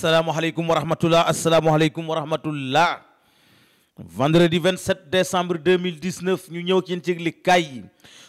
asalaamaaleykum wa rahmatullah asalaamaaleykum wa rahmatullah vendredi 27 décembre 2019 ñu ñëw ci yéen ci yëglikaay yi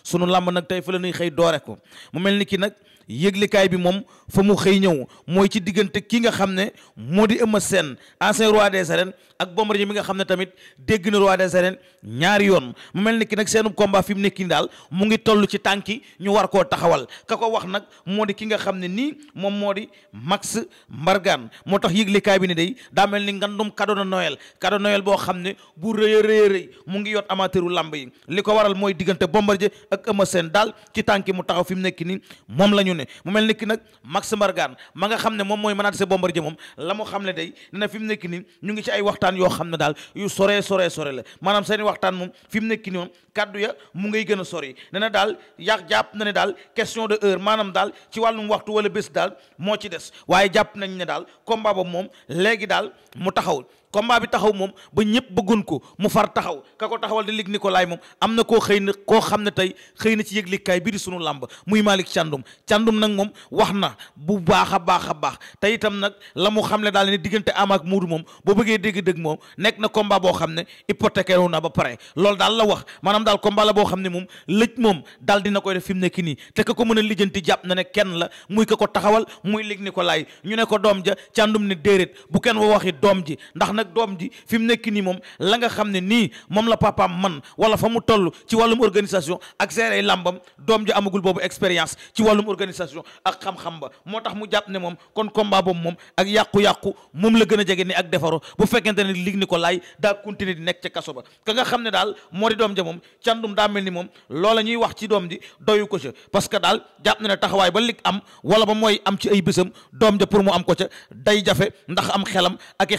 sunu làmb nag tey fa la ñuy xëy doore ko mu mel ni ki nag yëglikaay bi moom fa mu xëy ñëw mooy ci diggante ki nga xam ne moo di Eumeu Sène ancien roi des arènes ak Bombardier mi nga xam ne tamit dégg na roi des arènes ñaari yoon mu mel ni ki nag seenub combat fi mu nekk nii daal mu ngi toll ci tànki ñu war koo taxawal ka ko wax nag moo di ki nga xam ne nii moom moo di Max Mbargane moo tax yëglekaay bi ne day daa mel ni ngandum cadeau de Noël cadeau de Noël boo xam ne bu rëy mu ngi yot amateuru lamb yi li ko waral mooy diggante Bombardier ak Eumeu Sène daal ci tànki mu taxaw fi mu nekk nii moom la ñu ne mu mel ni ki nag Max Mbargane ma nga xam ne moom mooy mënaat sa Bombardier moom la mu xam ne day ne na fi nii ñu ngi ci ay waxtaan waxtaan yoo xam ne daal yu soree soree sore la maanaam seen waxtaan moom fi mu nekk nii moom ya mu ngay gën a sori ne na daal yàq jàpp na ne daal question de heure maanaam daal ci wàllum waxtu wala bés daal moo ci des waaye jàpp nañ ne daal combat ba moom léegi daal mu taxawul combat bi taxaw moom ba ñëpp bëggoon ko mu far taxaw ka ko taxawal di lig Nicolas moom am na koo xëy na koo xam ne tey xëy na ci yëglikaay bii di sunu làmb muy Malick Thiandoum Thiandoum nag moom wax na bu baax a baax a baax te itam nag la mu xam ne daal ne diggante am ak Modou moom boo bëggee dégg-dëgg moom nekk na combat boo xam ne hypothéqué wu na ba pare lool daal la wax maanaam daal combat la boo xam ne moom lëj moom dal dina koy def fi mu nekk nii te ko mën a lijjanti jàpp na ne kenn la muy ka ko taxawal muy lig Nicolas ñu ne ko doom ja Thiandoum ne déedéet bu kenn wa waxi doom ji nag doom ji fi mu nekk nii moom la nga xam ne nii moom la papaam man wala fa mu toll ci wàllum organisation ak seere ay làmbam doom ji amagul boobu expérience ci wàllum organisation ak xam-xam ba moo tax mu jàpp ne moom kon combat boobu moom ak yàqu-yàqu moom la gën a jege ni ak defaro bu fekkente ne lig ni ko laay daa continuer di nekk ca kaso ba ka nga xam ne daal moo doom ja moom candum daa mel ni moom loola ñuy wax ci doom ji doyu ko ca parce que daal jàpp na ne taxawaay ba lig am wala ba mooy am ci ay bésam doom ja pour mu am ko ca day jafe ndax am xelam ak i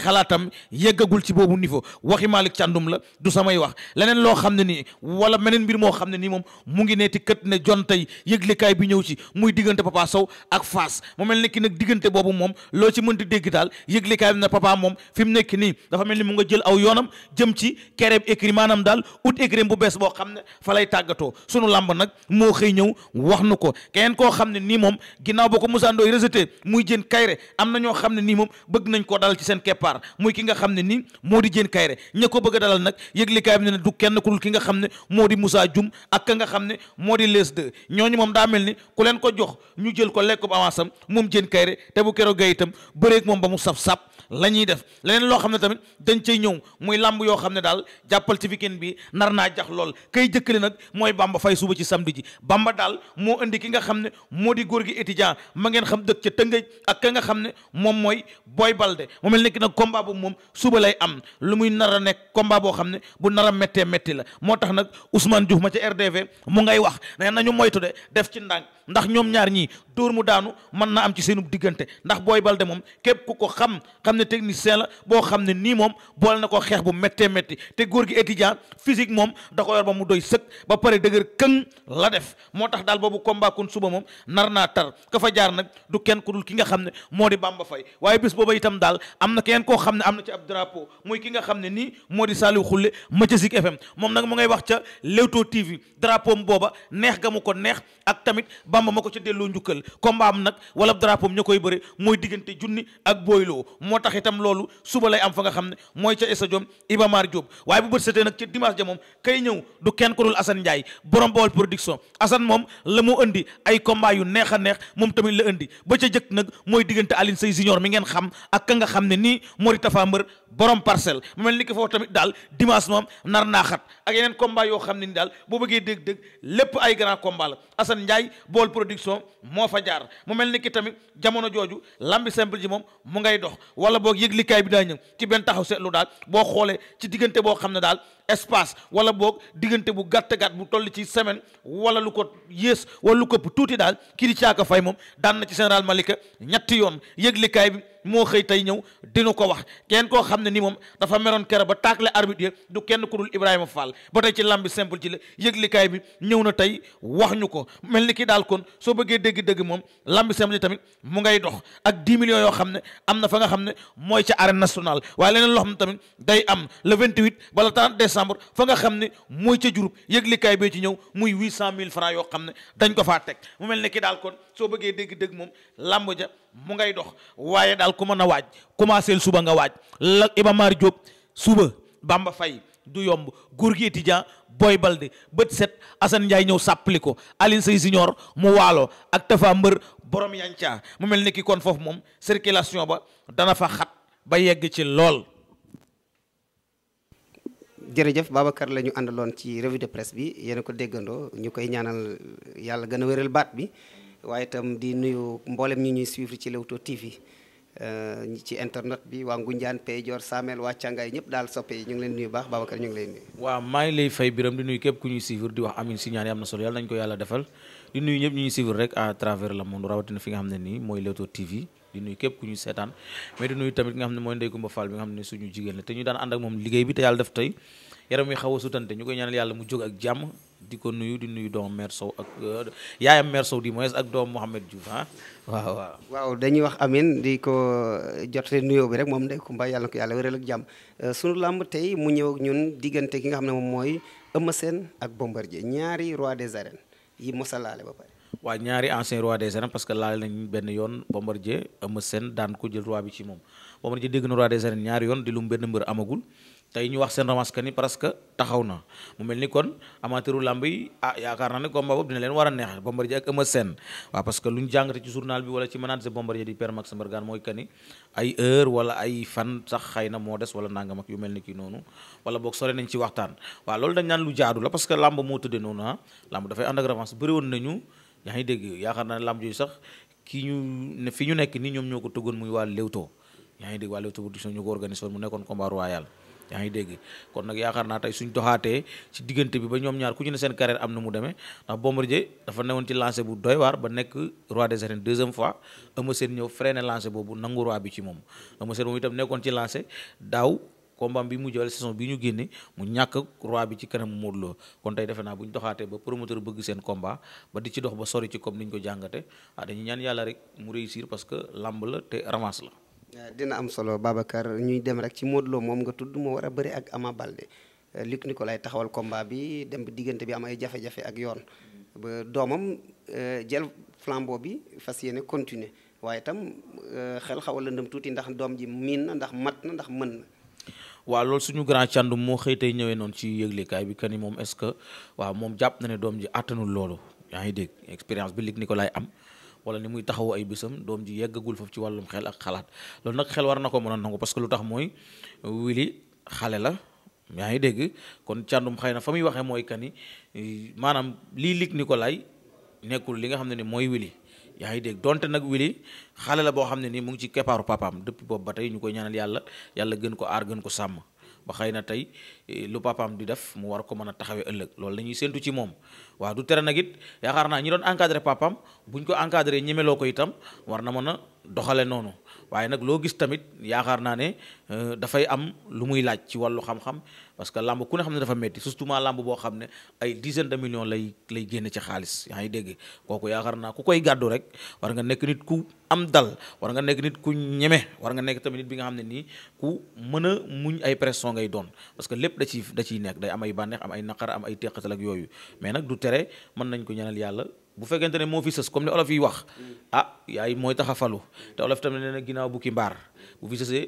yeggagul ci boobu niveau waxi Malick Thiandoum la du samay wax leneen loo xam ne nii wala meneen mbir moo xam ne nii moom mu ngi neeti kët ne jon tey yëglekaay bi ñëw ci muy diggante Papa Sow ak Fass mu mel nekki nag diggante boobu moom loo ci mënti dégg daal yëglekaay bi na papa moom fi mu nekk nii dafa mel ni mu nga jël aw yoonam jëm ci kereeb écrit maanaam daal ut écrit bu bees boo xam ne fa lay tàggatoo sunu làmb nag moo xëy ñëw wax nu ko keneen koo xam ne nii moom ginnaaw ba ko Moussa Ndoye rejeté jën kayre am na ñoo xam ne nii moom bëgg nañ koo dal ci seen keppaar muy ki xam ne ni moo di Diène kayre ña ko bëgg dalal nag yëglikaay bi ne du kenn ku ki nga xam ne moo di Moussa Dioum ak ka xam ne moo di les deux ñooñu moom daa mel ni ku leen ko jox ñu jël ko lekk bu am moom Diène Kaïré te bu keroog gay itam bëreeg moom ba mu saf-sap la ñuy def leneen loo xam ne tamit dañ cay ñëw muy làmb yoo xam ne daal jàppal ci weekend bi nar naa jax lool kay jëkkale nag mooy Bamba Faye suba ci samedi ji Bamba daal moo indi ki nga xam ne moo di góor gi étudiant ma ngeen xam dëkk ca Tëngéej ak ka nga xam ne moom mooy Boy Balde moo mel ni ki nag combat bu moom suba lay am lu muy nar a nekk combat boo xam ne bu nar a méttee métti la moo tax nag Ousmane Diouf ma ca RDV mu ngay wax ne nañu moytu de def ci ndànk ndax ñoom ñaar ñii dóor mu daanu mën na am ci seenu diggante ndax Boy Baldé moom képp ku ko xam xam ne technicien la boo xam ne nii moom boole na ko xeex bu méttee métti te góor gi étudiant physique moom da ko yor ba mu doy sëkk ba pare dëgër këng la def moo tax daal boobu combat kon suba moom nar naa tar ka fa jaar nag du kenn ku dul ki nga xam ne moo di Bamba ab drapeau muy ki nga xam ne nii moo di Saliou Khoule ma ca Zik FM moom nag mu ngay wax ca Leewtoo TV drapeau am booba neex ga mu ko neex ak tamit Bamba ma ko ca delloo njukkal combat am nag wala drapeau am ña koy bëre mooy diggante junni ak booyloo moo tax itam loolu suba lay am fa nga xam ne mooy ca stadium Iba Mar Diop waaye moom kay ñëw du kenn ko dul Assane Ndiaye borom Baol production Assane moom la mu indi ay combat yu neex a moom tamit la indi ba ca jëkk nag mbër borom parcelle mu mel ni ki foofu tamit daal dimanche moom nar naaxat ak yeneen combat yoo xam ne ni daal boo bëggee dégg-dégg lépp ay grand combat la Assane Ndiaye production moo fa jaar mu mel ni ki tamit jamono jooju lambi simple ji moom mu ngay dox wala boog yëglikaay bi daa ñëw ci benn taxaw seetlu daal boo xoolee ci diggante boo xam ne daal espace wala boog diggante bu gàtt-gàtt bu toll ci semaine wala lu ko yées wala lu ko tuuti daal kii di caaka fay moom daan na ci général Malika ñetti yoon yëglikaay bi moo xëy tey ñëw dina ko wax kenn koo xam ne ni moom dafa meroon kere ba taakle arbitre du kenn ku dul Ibrahima Fall ba tey ci lambi simple ci la yëglikaay bi ñëw na tey wax ñu ko mel ni kii daal kon soo bëggee dégg-dégg moom lambi simple tamit mu ngay dox ak 10 millions yoo xam ne am na fa nga xam ne mooy ca arène nationale waaye leneen tamit day décembre fa nga xam ne mooy ca Diouroup yëglikaay bee ci ñëw muy huit cent mille francs yoo xam ne dañ ko faa teg mu mel ne ki daal kon soo bëggee dégg dëgg moom làmb ja mu ngay dox waaye daal ku mën a waaj commencé suba nga waaj la Iba Mar Diop suba Bamba fay du yomb góor gi étudiant Boy Balde bët set Assane Ndiaye ñëw sàppali ko Aline Sey Signor mu waalo ak Tafa Mbër borom yanca mu mel ni ki kon foofu moom circulation ba dana fa xat ba yegg ci lool jërëjëf Babacar la ñu àndaloon ci revue de presse bi yéen a ko déggandoo ñu koy ñaanal yàlla gën a wéral baat bi waaye tam di nuyu mboolem ñu ñuy suivre ci Leewtoo TV euh, ci internet bi waa Ngunjaan Pey Joor Samel waa Càngaay ñëpp daal soppe yi ñu ngi leen nuyu baax Babacar ñu ngi leen nuyu waaw maa ngi lay biram di nuyu képp ku ñuy suivre di wax amin si ñaan yi am na solo yàlla nañu ko yàlla defal di nuyu ñëpp ñu ñuy suivre rek à travers le monde rawatina fi nga xam ne nii mooy Leewtoo TV di nuyu képp ku ñu seetaan mais di nuyu tamit nga xam ne mooy Ndeye Coumba Fall bi nga xam ne suñu jigéen la te ñu daan ànd ak moom liggéey bi te yàlla def tey yaram yi xaw a sutante ñu koy ñaanal yàlla mu jóg ak jàmm di ko nuyu di nuyu doom mère Sow ak euh, yaayam mère Sow di moins ak doom Mouhamed Diouf ah waaw waaw. waaw dañuy wax amin di ko jotale nuyoo bi rek moom Ndeye Coumba yàlla na ko yàlla wéral ak jàmm euh, sunu làmb tey mu ñëw ak ñun diggante ki nga xam ne moom mooy Eumeu Sène ak Bombardier ñaari roi des arènes yi mosalaale ba pare. waa ñaari ancien roi des arènes parce que laal nañ benn yoon Bombardier Eumeu Sène daan ko jël na roi des arènes ñaari yoon di lu amagul tey ñu wax seen revanche que ni presque taxaw na mu mel ni kon amateuru làmb yi ah yaakaar naa ne combat boobu dina leen war a neex Bombardier ak Eumeu Sène waaw parce que lu ñu jàngate ci journal bi wala ci manager Bombardier di Père Max mooy que ay heure wala ay fan sax xëy na moo des wala nangam ak yu mel ni kii noonu wala boog sore nañ ci waxtaan waaw loolu dañ naan lu jaadu la parce que yaa ngi dégg yaakaar naa lamb yooyu sax kii ñu ne fi ñu nekk nii ñoom ñoo ko tëggoon muy waa Leewtoo yaa ngi dégg waa Leewtoo production ñu ko organisé woon mu nekkoon combat royal yaa ngi dégg kon nag yaakaar naa tey suñ doxaatee ci diggante bi ba ñoom ñaar ku ci ne seen carrière am na mu deme ndax Bombardier dafa newoon ci lancé bu doy waar ba nekk roi des arènes deuxième fois Eumeu Sène ñëw freiné lancé boobu nangu roi bi ci moom Eumeu Sène moom itam nekkoon ci lancé daaw combat bi mu jël saison bi ñu génne mu ñàkk roi bi ci kanamu Modou Lo kon tey defe naa bu ñu doxaatee ba promoteur bëgg seen combat ba di ci dox ba sori ci comme ni ko jàngate ah dañuy ñaan yàlla rek mu réussir parce que lamb la te revanche la. Euh, dina am solo Babacar ñuy dem rek ci Modou moom nga tudd moo war a bëri ak Ama Balde euh, ko Nicolaï taxawal kombaa bi dem ba diggante bi am ay jafe-jafe ak yoon ba doomam euh, jël flambeau bi fas yéene continuer waaye itam xel xaw a tuuti ndax doom ji miin na ndax mat na ndax mën na. waaw loolu suñu grand càndum moo xëy tey ñëwee noonu ci yëglekaay bi que ni moom est-ce que waaw moom jàpp na ne doom ji àttanul loolu yaa ngi dégg expérience bi Luc Nicolaï am wala ni muy taxawu ay bisam doom ji yeggagul foofu ci wàllum xel ak xalaat loolu nag xel war na ko mën a nangu parce que lu tax mooy Wily xale la yaa ngi dégg kon càndum xëy na fa muy waxee mooy que ni eh, maanaam lii Luc Nicolaï nekkul li nga xam ne ni mooy Wily yaa ngi dégg donte nag Wily xale la boo xam ne nii mu ngi ci keppaaru papaam depuis boobu ba tey ñu koy ñaanal yàlla yàlla gën ko aar gën ko sàmm ba xëy na tey eh, lu papaam di def mu war ko mën a taxawee ëllëg loolu la ñuy séntu ci moom waaw du tere nag it yaakaar naa ñi doon encadré bu buñ ko encadré ñemeloo ko itam war na mën a doxale noonu waaye nag loo gis tamit yaakaar naa ne euh, dafay am lu muy laaj ci wàllu xam-xam parce que làmb ku ne xam ne dafa metti surtout ma làmb boo xam ne ay dizaine de millions lay génne ci xaalis yaa ngi dégg kooku yaakaar naa ku koy gàddu rek war nga nekk nit ku am dal war nga nekk nit ku ñeme war nga nekk tamit nit bi nga xam ne nii ku mën a muñ ay pression ngay doon parce que lépp da ciy da ciy nekk day am ay bànneex am ay naqar am ay teqatal ak yooyu mais nag du tere mën nañ ko ñaanal yàlla bu fekkente ne moo fi sës comme ni olof yi wax a ah, yaay mooy taxa falu te olof tamit nee na ginnaaw bukki mbaar bu fi sësee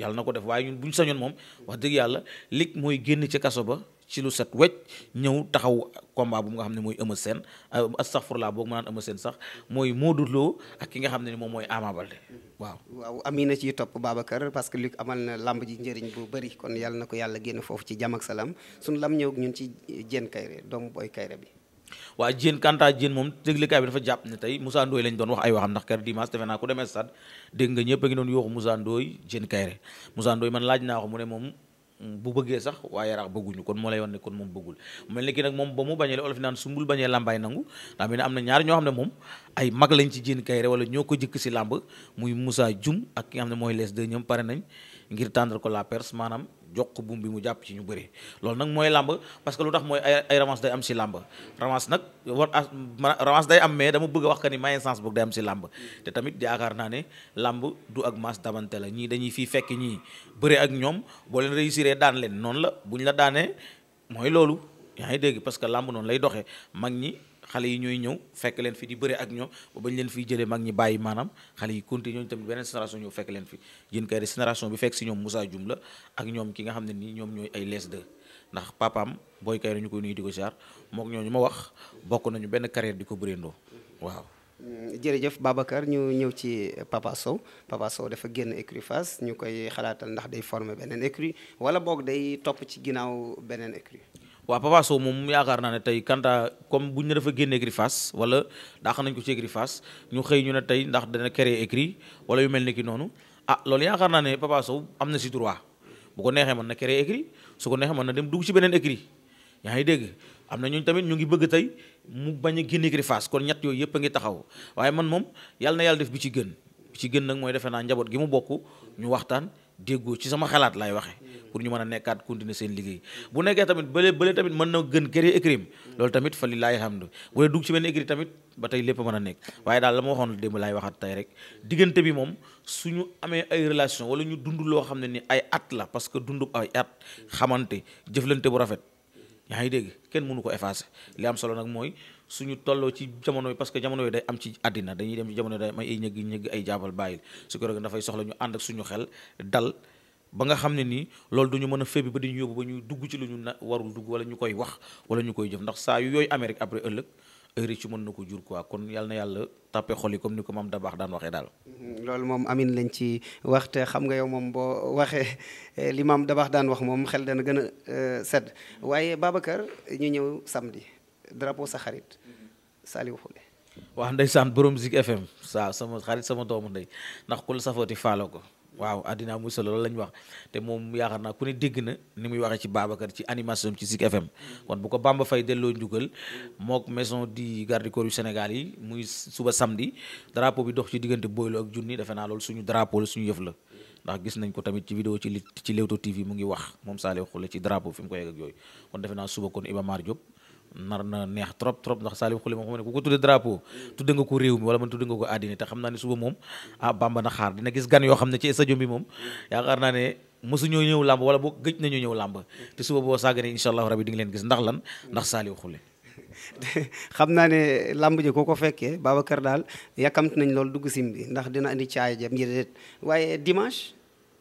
yàlla na ko def waaye ñun bu ñu sañoon moom wax dëgg yàlla lig mooy génn ci kaso ba ci lu set wecc ñëw taxaw combat bu nga xam ne mooy Eumeu Sène euh, astaghfirullah boog ma naan Eumeu Sène sax mooy Modou Lo ki nga xam ne ni moom mooy Ama Baldé waaw waaw na ciy topp Babacar parce que Luc amal na lamb ji njëriñ bu bëri kon yàlla na ko yàlla génn foofu ci jàmm ak salaam suñu lam ñëw ñun ci Diène Kaïré doomu booy kayre bi waa Diène Kanta Diène moom déglikaay bi dafa jàpp ne tey Moussa Ndoye lañ doon wax ay waxam ndax kër dimanche defe naa ku demee stade dégg nga ñëpp a ngi doon yooxu Moussa Ndoye Diène Kairé Moussa laaj naa ko mu ne moom bu bëggee sax waa yaraax bëgguñu kon moo lay wan ne kon moom bëggul mel ni ki nag moom ba mu bañee la olof naan bañee làmbaay nangu ndax mi ne am na ñaar ñoo xam ne moom ay mag lañ ci Diène Kairé wala ñoo ko jëkk si làmb muy Moussa Dioum ak ki nga mooy lees deux ñoom pare nañ ngir tendre ko la perse maanaam jox ko buum bi mu jàpp ci ñu bëri loolu nag mooy làmb parce que lu tax mooy ay ay day am si làmb revanche nag war ah, revanche day am mais dama bëgg a wax que ni ma essence boog day am si làmb te tamit yaakaar naa ne làmb du ak maas damante la ñii dañuy fii fekk ñii bëri ak ñoom boo leen réussiree daan leen noonu la bu ñu la daanee mooy loolu yaa ngi dégg parce que làmb noonu lay doxee mag ñi xale yi ñooy ñëw fekk leen fi di bëre ak ñoom ba bañ leen fiy jëlee mag ñi bàyyi maanaam xale yi continué ñooñu tamit beneen génération ñëw fekk leen fi jën kay de bi fekk si ñoom Moussa Dioum la ak ñoom ki nga xam ne nii ñoom ñooy ay les deux ndax papaam booy kay ñu koy nuyu di ko siyaar mook ñu ma wax bokk nañu benn carrière di ko bëreendoo waaw mm, jërëjëf Babacar ñu ñëw ci Papa Sow Papa Sow dafa génn écurie Fass ñu koy xalaatal ndax day former beneen écurie wala boog day topp ci ginnaaw beneen écurie waa Papa Sow moom yaakaar naa ne tey kanta comme bu ñu dafa génne écurie Fass wala dàq nañ ko ci écurie ñu xëy ñu ne tey ndax dana créer écurie wala yu mel ni ki noonu ah loolu yaakaar naa ne Papa Sow am na si droit bu ko neexee mën na créer écurie su ko neexee mën na dem dugg ci beneen écurie yaa ngi dégg am na ñooñu tamit ñu ngi bëgg tey mu bañ a génne écurie kon ñett yooyu yëpp a ngi taxaw waaye man moom yàlla na yàlla def bi ci gën bi ci gën nag mooy defe naa njaboot gi mu bokk ñu waxtaan déggoo ci sama xalaat lay waxee pour ñu mën a nekkaat continuer seen liggéey bu nekkee tamit bële bële tamit mën na gën créer écurie loolu tamit fa lillahi alhamdu bu dee dugg ci benn écurie tamit ba tey lépp mën a nekk waaye daal la ma waxoon démb laay waxaat tey rek diggante bi moom suñu amee ay relation wala ñu dund loo xam ne ni ay at la parce que dund ay at xamante jëflante bu rafet yaa ngi dégg kenn mënu ko effacer li am solo nag mooy suñu tolloo ci jamono yi parce que jamono yi day am ci àddina dañuy dem ci day am ay ñëgg ñëgg jaabal bàyyil su ko rek dafay soxla ñu ànd ak suñu xel dal ba nga xam ne nii loolu duñu mën a feebi ba di ñu yóbbu ba ñu dugg ci lu ñu na warul dugg wala ñu koy wax wala ñu koy jëf ndax saa yu yooyu Amérique après ëllëg heure ci mën na ko jur quoi kon yal na yàlla tàppe xol yi comme ni ko maam da baax daan waxee daal. Mm-hmm. loolu moom amin lañ ci waxte xam nga yow moom boo waxee li maam da baax daan wax moom xel dana gën a euh, sedd waaye Babacar ñu ñëw samedi drapeau sa xarit mm-hmm. Saliou Khoulé. waaw ndeysaan borom Zik FM saa sama xarit sama doomu ndey ndax ku la safooti faalo ko. waaw àddina am solo loolu la ñu wax te moom yaakaar naa ku ne dégg na ni muy waxee ci baabakat ci animation ci Zik FM kon bu ko Bamba fay delloo njugal mook meson di garde corps yu Sénégal yi muy suba samedi drapeau bi dox ci diggante Boylo ak junni defe naa lool suñu drapeau la suñu yëf la ndax gis nañ ko tamit ci vidéo ci ci Leewtoo TV mu ngi wax moom Saliou Khoule ci drapeau fi mu ko yegg ak yooyu kon defe naa suba kon Iba Mar Diop nar na neex trop trop ndax Saliou Khoulé moo xam ku ko tudde drapeau tudde nga ko réew mi wala man tudde nga ko àddina te xam naa ne suba moom ah Bamba na xaar dina gis gan yoo xam ne ci stadium bi moom yaakaar naa ne mosuñoo ñëw làmb wala boo gëj nañu ñëw làmb te suba boo sàgganee incha allahu rabi di nga leen gis ndax lan ndax Saliou Khoulé xam naa ne làmb ji koo ko fekkee kër daal yàkkamti nañ loolu dugg sim bi ndax dina andi caay ja mbir déet waaye dimanche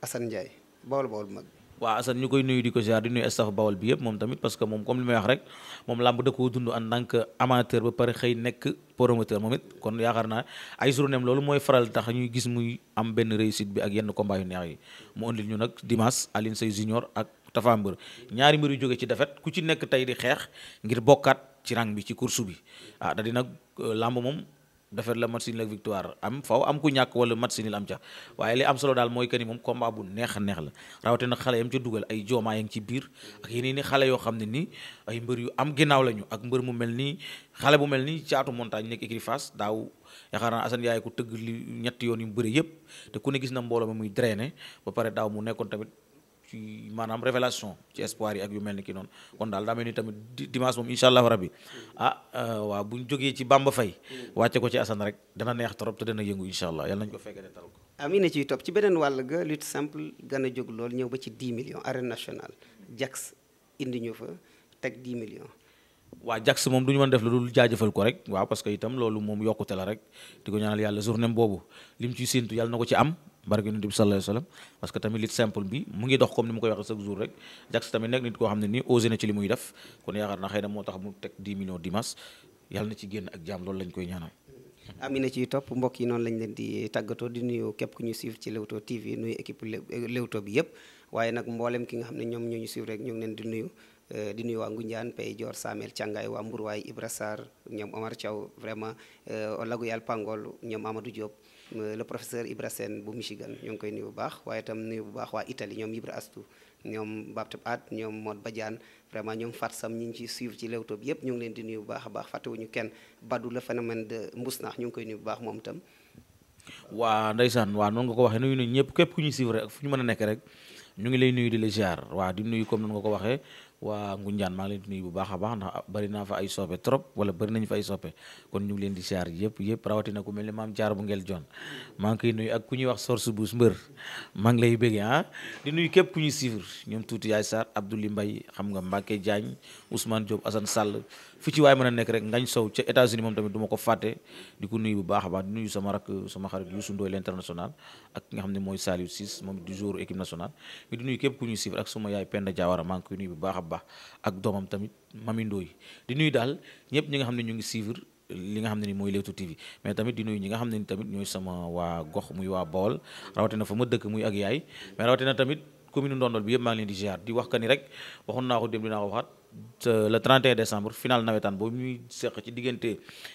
Assane Ndiaye bool bool mag waa Assane ñu koy nuyu di ko ziar di nuyu staff Bawol bi yëpp moom tamit parce que moom comme li may wax rek moom làmb da koo dund en tant que amateur ba pare xëy nekk promoteur moom it kon yaakaar naa ay journéem loolu mooy faral tax ñuy gis muy am benn réussite bi ak yenn combat yu neex yi mu andil ñu nag dimas Alioune Seye Junior ak Tapha Mbeur ñaari mbir yu jóge ci defet ku ci nekk tey di xeex ngir bokkaat ci rang bi ci course bi ah di nag euh, làmb moom defet la match nul ak victoire am faw am ku ñàkk wala match la am ca waaye li am solo daal mooy que ni moom combat bu neex a neex la rawatina xale yam ca dugal ay joomaa yang ci biir ak yeneen xale yoo xam ne nii ay mbër yu am ginnaaw lañu ak mbër mu mel nii xale bu mel nii caatu montagne nekk écurie Fass daaw yaakaar naa Assane Yaay ko tëgg li ñetti yoon yu bëri yëpp te ku ne gis na mbooloo ma muy drainer ba pare daaw mu nekkoon tamit ci maanaam révélation ci espoir yi ak yu mel ni ki noonu kon daal daa mel ni tamit dimanche moom incha allahu rabbi ah euh, waaw bu jógee ci Bamba Faye wàcce ko ci Assane rek dana neex trop te dana yëngu incha allah yàlla nañu ko fekkee ne tal ko amiin na ciy topp ci beneen wàll ga lutte simple gën a jóg ba ci 10 millions arène nationale jax indi ñu fa teg 10 millions waa Jax moom du ñu mën def la dul jaajëfal ko rek waaw parce que itam loolu moom yokkute la rek di ko ñaanal yàlla journée boobu lim ciy séentu yàlla na ko ci am barke yonent bi sallallahu alayhi parce que tamit lit simple bi mu ngi dox comme ni mu koy waxee chaque jour rek Jax tamit nekk nit koo xam ne nii osé na ci li muy def kon yaakaar naa xëy na moo tax mu teg 10 millions dimanche yàlla na ci génn ak jaam loolu lañ koy ñaanal. amina ci topp mbokk noonu lañ leen di tàggatoo di nuyu képp ku ñu suivre ci Leewtoo TV nuyu équipe Leewtoo bi yëpp waaye nag mboolem ki nga xam ne ñoom ñoo ñu suivre rek ñoo ngi leen di nuyu. Eh, di nuyu waa Ngunjaan Pay Joor Samel waay Ibra Sarr ñoom Omar Thiaw vraiment Olagu eh, Yàlla Pangol ñoom Amadou Diop. Euh, le professeur Ibra Sène bu Michigan ñoo koy nuyu bu baax waaye itam nuyu bu baax waa Italie ñoom Ibra Astou ñoom Baptiste At ñoom Modou Badiane vraiment ñoom Fat Sam ñu ngi ciy suivre ci Leewtoo bi yëpp ñu ngi leen di nuyu bu baax a baax fàttewuñu kenn Badou le phénomène de Mbousnakh ñu koy nuyu bu baax moom itam. waa ndeysaan waa noonu nga ko waxee nuyu nañu ñëpp képp ku ñu suivre ak fu ñu mën a nekk rek ñu ngi lay nuyu di la ziar waa di nuyu comme noonu nga ko waxee waa Ngunjaan maa ngi leen di nuyu bu baax a baax ndax bari naa fa ay soppe trop wala bari nañu fa ay soppe kon ñu ngi leen di siyaar yëpp yëpp rawatina ku mel ni maam jaar bu ngel jon maa ngi koy nuyu ak ku ñuy wax source bu mbër ngi lay bëggee ah di nuyu képp ku ñuy suivre ñoom tuuti yaay Sarr Abdoulaye Mbaye xam nga Mbacke Diagne Ousmane Diop Assane Sall fi ci waay mën nekk rek ngañ sow ca états ma ko fàtte di ko nuyu bu baax a baax di nuyu sama rak sama xarit Youssou Ndoye l'international ak nga xam ne mooy Saliou Ciss moom du jour équipe nationale mais di nuyu képp bu baax Ba ak doomam tamit Mami Ndoye di nuyu daal ñëpp ñi nga xam ne ñu ngi suivre li nga xam ne ni mooy Leewtoo TV mais tamit di nuy ñi nga xam ne ni tamit ñooy sama waa gox muy waa Bawol rawatina fa ma dëkk muy ak yaay mais rawatina tamit commune Ndondol bi yëpp maa ngi di ziar di wax ka ni rek waxoon naa ko dem dinaa ko waxaat le 31 décembre final nawetaan boobu ñuy seq ci diggante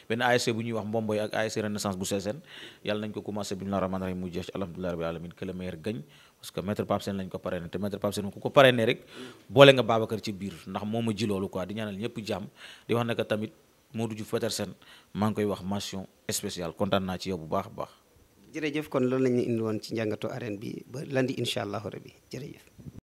benn ASC bu ñuy wax Mbomboy ak ASC Renaissance bu Sessène yàlla nañ parce que maître Pape Sène ko parrainé te maître Pape Sène ku ko parrainé rek boole nga Babacar ci biir ndax moo ma ji loolu quoi di ñaanal ñëpp jàmm di wax ne que tamit Modou Diouf Petersen maa ngi koy wax mention spéciale kontaan naa ci yow bu baax a baax. jërëjëf kon loolu la ñu indi woon ci njàngatu arène bi ba lundi incha allahu rabbi jërëjëf.